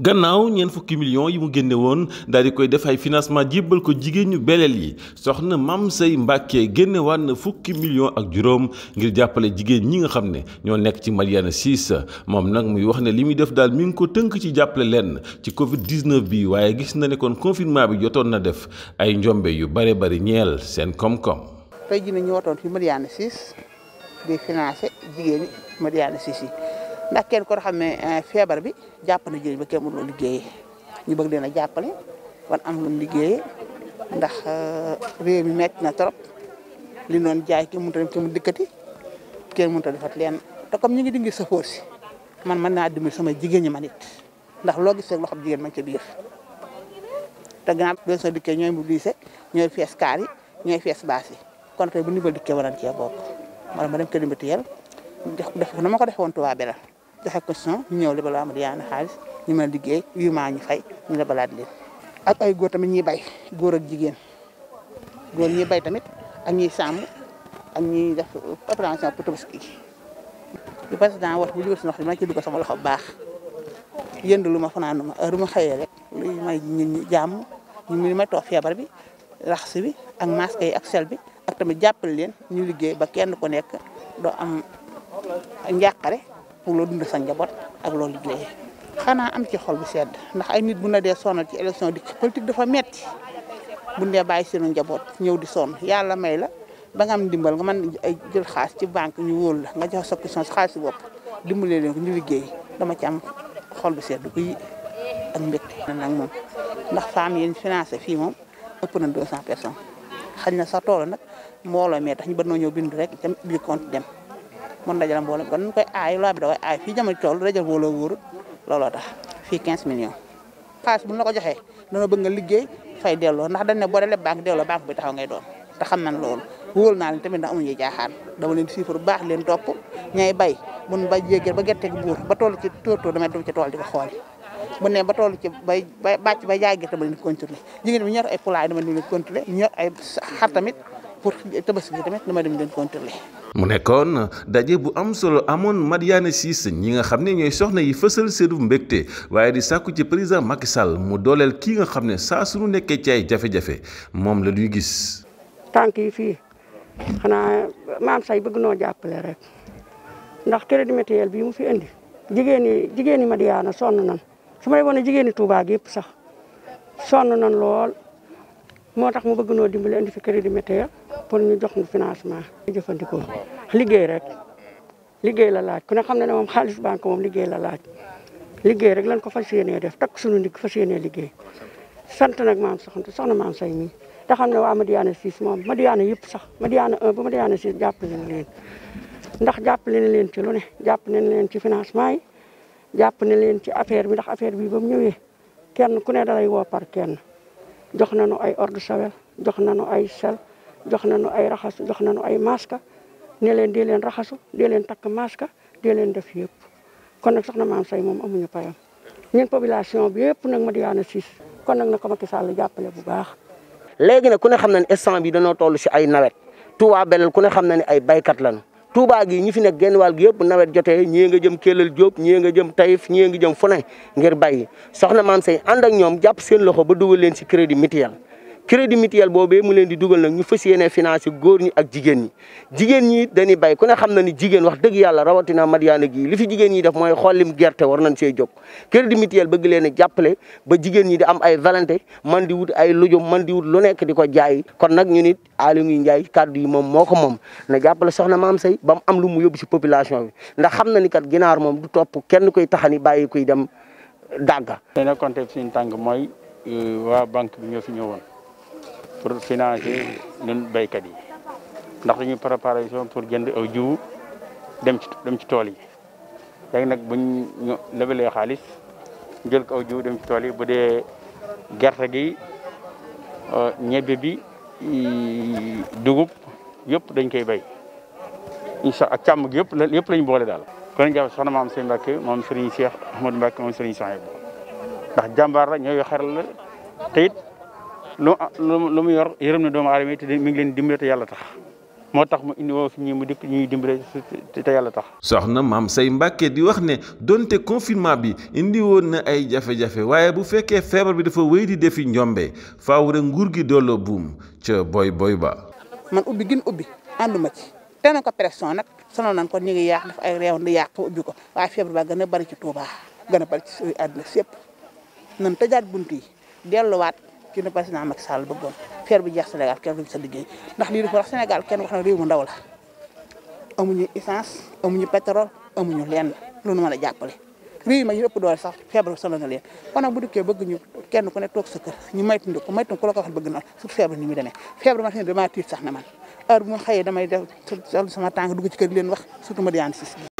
gannaaw ñeent fukki millions yi mu génne woon daal di koy def ay financement jébbal ko jigéen ñu beleel yi soxna maam Saye Mbacké génne waat na fukki million ak juróom ngir jàppale jigéen ñi nga xam ne ñoo nekk ci Madiyana 6 moom nag muy wax ne li muy def daal mi ngi ko tënk ci jàppale leen ci Covid 19 bi waaye gis na ne kon confinement bi jotoon na def ay njombe yu bare bari ñeel seen koom-koom. tey jii ñu wootoon fi Madiyana 6 di financé jigéen ndax kenn ko xamé fièvre bi japp na jëri ba kenn mënu liggéey ñu bëgg leena jappalé jàppale wan am lu liggéey ndax eh, réew mi metti na trop li non jaay ki mu tan dem mu dikkati kenn mënut a defat leen ta comme ñi ngi dingi sa force man man na dimi sama jigéen ñi manit ndax lo gis rek lo xam jigéen man ci biir ta gna do so dikkee ñoy mu ñooy ñoy fess kaari ñoy fess baasi kon tay bu ndimbal dikkee waran ci bokk man ma dem ko dimbatiyel def def na ma ko defoon tuwa bela joxe son ñu ñëw lebal am riyan xaliss ñu mën a yu ma ñu fay ñu lebalaat leen ak ay goor tamit ñi bay goor ak jigen goor ñi bay tamit ak ñi sam ak ñi def opération pour tabaski du président wax bu jógal si ndox ma ci dugal sama loxo baax yënd lu ma fanaan ma heure ma xeyé rek luy may ñin ñi jamm ñu mi may tok feebar bi raxas bi ak masque yi ak sel bi ak tamit jàppale leen ñu liggé ba kenn ko nekk do am ñakare pour loo dund sa njaboot ak loo liggéey xanaa am ci xol bu sedd ndax ay nit bu na dee sonal ci élection di politique dafa metti bu dee bàyyi sunu njaboot ñëw di sonn yàlla may la ba nga am ndimbal nga mën ay jël xaalis ci banque ñu wóol la nga jox sa question si xaalis bopp dimbalee leen ko ñu liggéey ci am xol bu sedd ko yi ak mbégte na nag moom ndax femme yéen financé fii moom ëpp na 200 personnes xañ na sa tool nag mbooloo mee tax ñu bën ñëw bind rek dem biir compte dem mun dajale mbooloo kon nu koy aay loi bi da koy aay fii jamono tool dajal mbooloo wóorut looloo tax fii 15 millions. xaalis bu ñu la ko joxee dañoo bëgg nga liggéey fay delloo ndax dañ ne boo delee banque delloo banque bi taxaw ngay doon te xam nañ loolu wóol naa leen tamit ndax amuñu jaaxaan dama leen chiffre bu baax leen topp ñay bay mun ba jéggee ba gerte gi buur ba toll ci tóortóor damay dugg ci tool di ko xool bu ne ba toll ci bay bay bàcc bay jaay gerte ba leen di contrôler jigéen bi ñor ay poulailler dama leen di contrôler ñor ay xar tamit pour tabaski gi tamit dama dem doon contrôler. mu nekkoon na daje bu am solo amoon Madiyana Cissé ñi nga xam ne ñooy soxna yi fësal seenu mbégte waaye di sàkku ci président Macky Sall mu dooleel kii nga xam ne saa su nekkee ci ay jafe-jafe moom la duy gis. tànk yi fii xanaa maam say bëgg noo jàppale rek ndax di mutuel bii mu fi indi jigéen ñi jigéen ñi Madiyana sonn nan su may wane jigéen ñi Touba gi yëpp sax sonn nan lool moo tax mu bëgg noo dimbale indi fi di mutuel pour ñu jox ñu financement ñu jëfandikoo liggéey rek liggéey la laaj ku ne xam ne ne moom xaalis banque moom liggéey la laaj liggéey rek lañ ko fas yéenee def takk suñu ndig fas yéenee liggéey sant nag maam soxna soxna maam say mi te xam ne waa Madiyana 6 moom Madiyana yëpp sax Madiyana 1 ba Madiyana 6 jàppale na leen ndax jàppale na leen ci lu ne jàpp nañ leen ci financement yi jàpp na leen ci affaire bi ndax affaire bi ba mu ñëwee kenn ku ne dalay woo par kenn jox nañu ay ordre sawel jox nañu ay sel jox na nañu ay raxasu jox nañu ay masque ne leen dee leen raxasu dee takk masque dee leen def yëpp kon nag soxna maam say moom amuñu payam neen population bi yëpp nag Madiyana siis kon nag na ko Macky Sall jàppale bu baax. léegi nag ku ne xam na ne instant bi dañoo toll si ay nawet Touba Belel ku ne xam na ne ay baykat lañu Touba gi ñi fi nekk genn wàll gi yëpp nawet jotee ñii nga jëm Kellel Diop ñii nga jëm Taïf ñii nga jëm fu ne ngir bayyi soxna maam say ànd ak ñoom jàpp seen loxo ba dugal leen si crédit mutuel. crédit mutuel boobee mu leen di dugal nag ñu fas yéene financé góor ñi ak jigéen ñi jigéen ñi dañuy bay ku ne xam na ni jigéen wax dëgg yàlla rawatina Madiyana gii li fi jigéen ñi def mooy xollim gerte war nañ see jóg crédit mutuel bëgg leen a jàppale ba jigéen ñi di am ay valante man di wut ay lujum man di wut lu nekk di ko jaay kon nag ñu nit Aly Ngouille Ndiaye kàddu yi moom moo ko moom na jàppale soxna maam say ba mu am lu mu yóbbu si population bi ndax xam na ni kat ginaar moom du topp kenn koy taxani bàyyi kuy dem dàgga tey nag contexte suñu tàng mooy euh, waa banque bi ñoo fi ñëwoon pour financer ñun béykat yi ndax dañuy préparation pour jënd aw jiw dem ci dem ci tool yi léegi nag buñ ñu lebalee xaalis jël ko aw jiwu dem ci tool yi bu dee gerte gi euh, ñebe bi dugub yëpp dañ koy béy incha ak càmm gi yëpp yëpp lañ boole daal. kon jàpp soxna maam Sëñ Mbàkke moom Serigne seex Ahmadou Mbàkke moom Serigne Souhaïbou ndax jàmbaar la ñooy xaral la te lu mu yor yërëm na doomu aadama yi te mi ngi leen dimbale te yàlla tax moo tax mu indi woo fi ñi mu dikk ñuy dimbale te yàlla tax soxna maam say Mbàkke di wax ne donte confinement bi indi woon na ay jafe-jafe waaye bu fekkee feebar bi dafa wéy di defi njombe faaw rek nguur gi dooloo buum ca booy boy ba man ubbi gin ubbi ànd ma ci te na ko pression nag sonal nañ ko ñu ngi yàq dafa ay réew di yàq ba ubbi ko waaye feebar ba gën a bari ci Tuubaa gën a ci ne président Macky Sall bëggoon feer bu jeex Sénégal kenn duñ sa liggéey ndax lii dafa wax Sénégal kenn wax na réew mu ndaw la amuñu essence amuñu pétrole muñu leen lu nu mën a jàppale réew ma yi ëpp doole sax feebar solo na leen kon nag bu dikkee bëgg ñu kenn ku ne toog sa kër ñu maytundi ko maytundi ko la ko wax bëgg na surtout feebar ni mu demee feebar ma fi ne damaa tiit sax na man heure bu ma xëyee damay def sama tànk dugg ci kër leen wax surtout